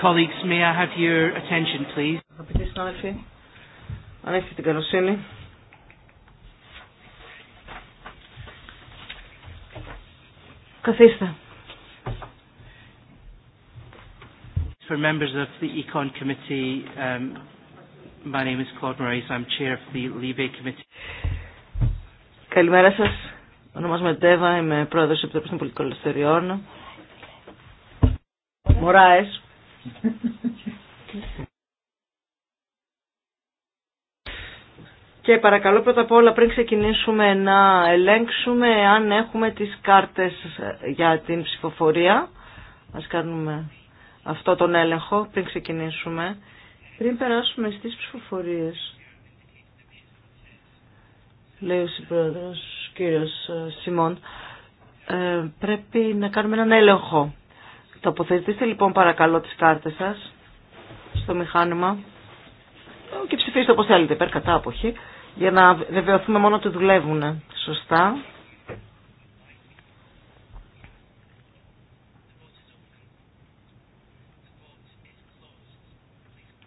colleagues, may I have your attention, please? Αγαπητοί συνάδελφοι, αν έχετε την καλοσύνη. Καθίστε. For members of the Econ Committee, um, my name is Claude Moraes. I'm chair of the Libe Committee. Καλημέρα σας. Ονομάζομαι Τέβα, είμαι πρόεδρος της Επιτροπής των Πολιτικών Ελευθεριών. Μωράες, και παρακαλώ πρώτα απ' όλα πριν ξεκινήσουμε να ελέγξουμε αν έχουμε τις κάρτες για την ψηφοφορία. Ας κάνουμε αυτό τον έλεγχο πριν ξεκινήσουμε. Πριν περάσουμε στις ψηφοφορίες, λέει ο συμπρόεδρος κύριος Σιμών, ε, πρέπει να κάνουμε έναν έλεγχο Τοποθετήστε λοιπόν παρακαλώ τις κάρτες σας στο μηχάνημα και ψηφίστε όπως θέλετε, υπέρ κατά αποχή, για να βεβαιωθούμε μόνο ότι δουλεύουν σωστά.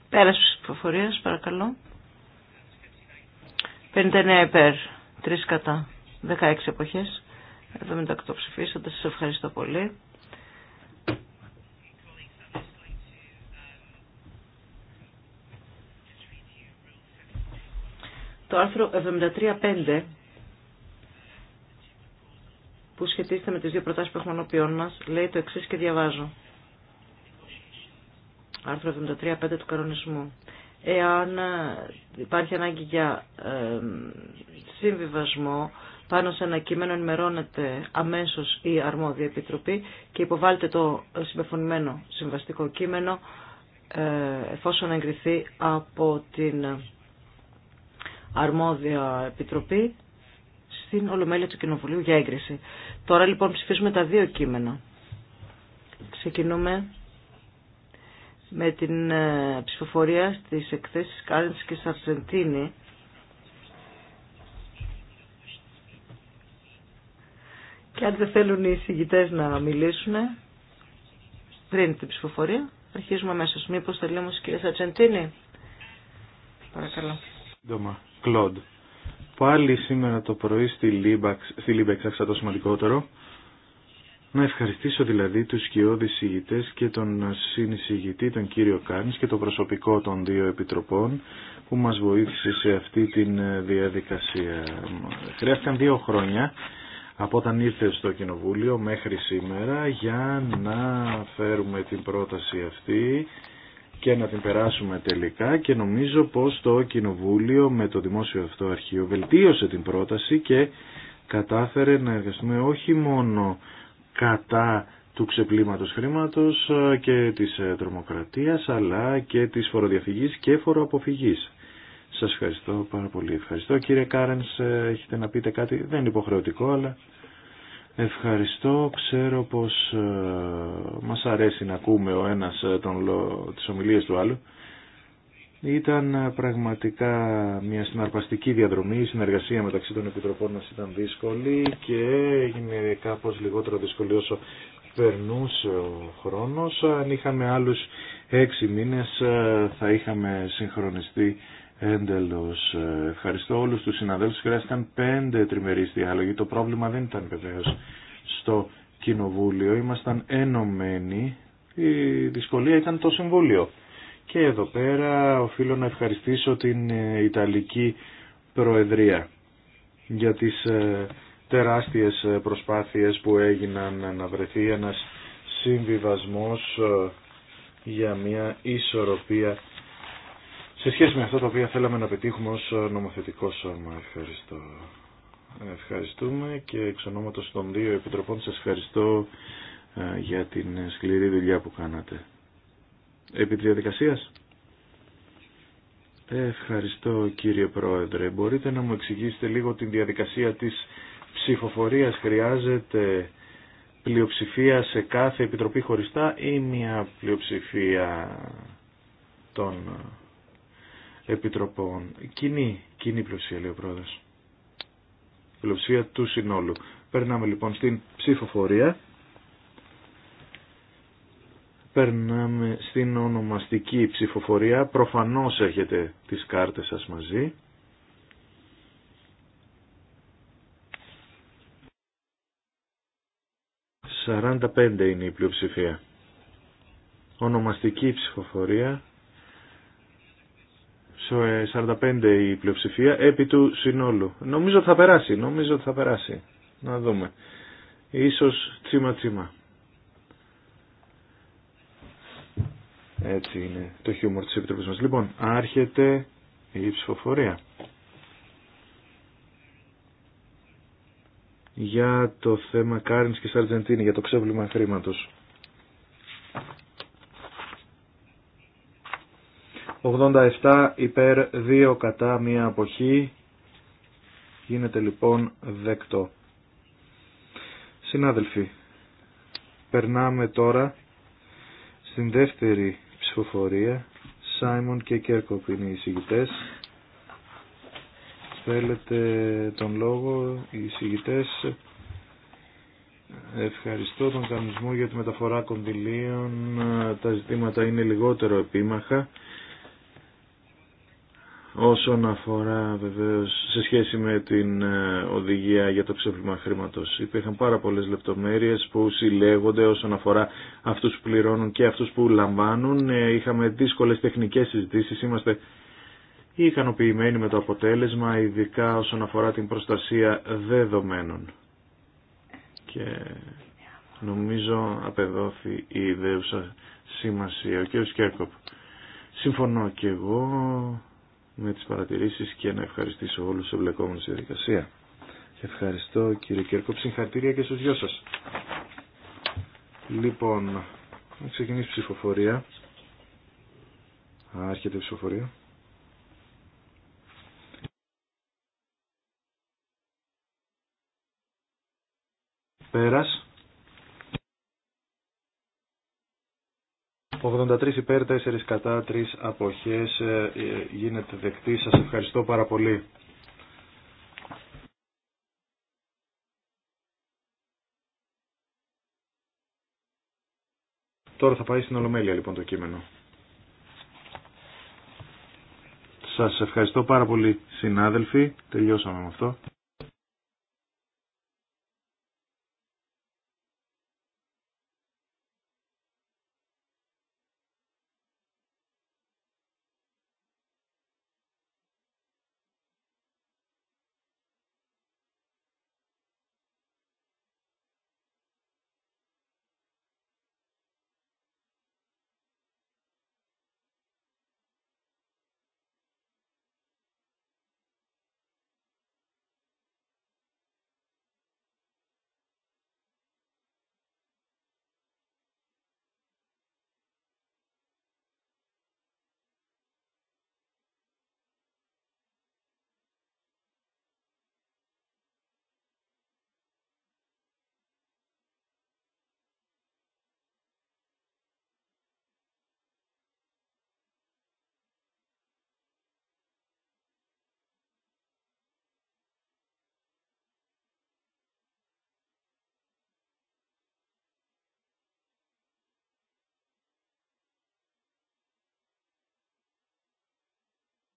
Πέρας της υποφορίες παρακαλώ. 59 υπέρ, 3 κατά, 16 εποχές, 78 ψηφίσατε, σας ευχαριστώ πολύ. Το άρθρο 73.5 που σχετίζεται με τις δύο προτάσεις που έχουμε ονοποιών μας λέει το εξής και διαβάζω. Άρθρο 73.5 του κανονισμού. Εάν υπάρχει ανάγκη για συμβιβασμό πάνω σε ένα κείμενο ενημερώνεται αμέσως η αρμόδια επιτροπή και υποβάλλεται το συμπεφωνημένο συμβαστικό κείμενο ε, εφόσον εγκριθεί από την αρμόδια επιτροπή στην Ολομέλεια του Κοινοβουλίου για έγκριση. Τώρα λοιπόν ψηφίζουμε τα δύο κείμενα. Ξεκινούμε με την ε, ψηφοφορία στις εκθέσεις Κάρνης και Σαρσεντίνη. Και αν δεν θέλουν οι συγγητές να μιλήσουν πριν την ψηφοφορία, αρχίζουμε αμέσως. Μήπως θέλει όμως η κυρία Σαρσεντίνη. Παρακαλώ. Κλοντ. Πάλι σήμερα το πρωί στη Λίμπαξ, στη Λίμπαξ το σημαντικότερο. Να ευχαριστήσω δηλαδή τους σκιώδεις ηγητές και τον συνεισηγητή, τον κύριο Κάνης και το προσωπικό των δύο επιτροπών που μας βοήθησε σε αυτή τη ε, διαδικασία. Χρειάστηκαν δύο χρόνια από όταν ήρθε στο Κοινοβούλιο μέχρι σήμερα για να φέρουμε την πρόταση αυτή και να την περάσουμε τελικά και νομίζω πως το Κοινοβούλιο με το Δημόσιο Αυτό Αρχείο βελτίωσε την πρόταση και κατάφερε να εργαστούμε όχι μόνο κατά του ξεπλήματος χρήματος ε, και της ε, τρομοκρατίας αλλά και της φοροδιαφυγής και φοροαποφυγής. Σας ευχαριστώ πάρα πολύ. Ευχαριστώ κύριε Κάρενς, ε, έχετε να πείτε κάτι, δεν είναι υποχρεωτικό αλλά ευχαριστώ. Ξέρω πως μας αρέσει να ακούμε ο ένας ε, τον, τις ομιλίες του άλλου, ήταν ε, πραγματικά μια συναρπαστική διαδρομή, η συνεργασία μεταξύ των επιτροπών μας ήταν δύσκολη και έγινε κάπως λιγότερο δύσκολη όσο περνούσε ο χρόνος. Αν είχαμε άλλους έξι μήνες ε, θα είχαμε συγχρονιστεί έντελος. Ευχαριστώ όλους τους συναδέλφους, χρειάστηκαν πέντε τριμερείς διάλογοι. Το πρόβλημα δεν ήταν βεβαίω στο κοινοβούλιο ήμασταν ενωμένοι, η δυσκολία ήταν το συμβούλιο. Και εδώ πέρα οφείλω να ευχαριστήσω την ε, Ιταλική Προεδρία για τις ε, τεράστιες ε, προσπάθειες που έγιναν να βρεθεί ένας συμβιβασμός για μια ισορροπία σε σχέση με αυτό το οποίο θέλαμε να πετύχουμε ως νομοθετικό σώμα. Ευχαριστώ. Ευχαριστούμε και εξ ονόματος των δύο επιτροπών σας ευχαριστώ ε, για την σκληρή δουλειά που κάνατε. Επί τη διαδικασίας. Ευχαριστώ κύριε Πρόεδρε. Μπορείτε να μου εξηγήσετε λίγο την διαδικασία της ψηφοφορίας. Χρειάζεται πλειοψηφία σε κάθε επιτροπή χωριστά ή μια πλειοψηφία των ε, επιτροπών. Κοινή, κοινή πλειοψηφία λέει ο Πρόεδρος πλειοψηφία του συνόλου. Περνάμε λοιπόν στην ψηφοφορία. Περνάμε στην ονομαστική ψηφοφορία. Προφανώς έχετε τις κάρτες σας μαζί. «45» είναι η πλειοψηφία. Ονομαστική ψηφοφορία. 45 ε, η πλειοψηφία επί του συνόλου. Νομίζω ότι θα περάσει, νομίζω ότι θα περάσει. Να δούμε. Ίσως τσίμα τσίμα. Έτσι είναι το χιούμορ της Επιτροπής μας. Λοιπόν, άρχεται η ψηφοφορία. Για το θέμα Κάρινς και Σαρτζεντίνη, για το ξέβλημα χρήματος. 87 υπέρ 2 κατά μία αποχή. Γίνεται λοιπόν δεκτό. Συνάδελφοι, περνάμε τώρα στην δεύτερη ψηφοφορία. Σάιμον και Κέρκοπ είναι οι εισηγητές. Θέλετε τον λόγο, οι εισηγητές. Ευχαριστώ τον κανονισμό για τη μεταφορά κονδυλίων. Τα ζητήματα είναι λιγότερο επίμαχα όσον αφορά βεβαίως σε σχέση με την ε, οδηγία για το ξέπλυμα χρήματος. Υπήρχαν πάρα πολλές λεπτομέρειες που συλλέγονται όσον αφορά αυτούς που πληρώνουν και αυτούς που λαμβάνουν. Ε, είχαμε δύσκολες τεχνικές συζητήσεις, είμαστε ικανοποιημένοι με το αποτέλεσμα, ειδικά όσον αφορά την προστασία δεδομένων. Και νομίζω απεδόθη η ιδέουσα σημασία. Ο κ. κέρκοπ Συμφωνώ και εγώ με τις παρατηρήσεις και να ευχαριστήσω όλους τους εμπλεκόμενους στη διαδικασία. ευχαριστώ κύριε Κέρκο, συγχαρητήρια και στους δυο σας. Λοιπόν, να ξεκινήσει ψηφοφορία. Άρχεται η ψηφοφορία. Πέρας. 83 υπέρ, 4 κατά, 3 αποχές. Ε, ε, γίνεται δεκτή. Σας ευχαριστώ πάρα πολύ. Τώρα θα πάει στην Ολομέλεια λοιπόν το κείμενο. Σας ευχαριστώ πάρα πολύ συνάδελφοι. Τελειώσαμε με αυτό.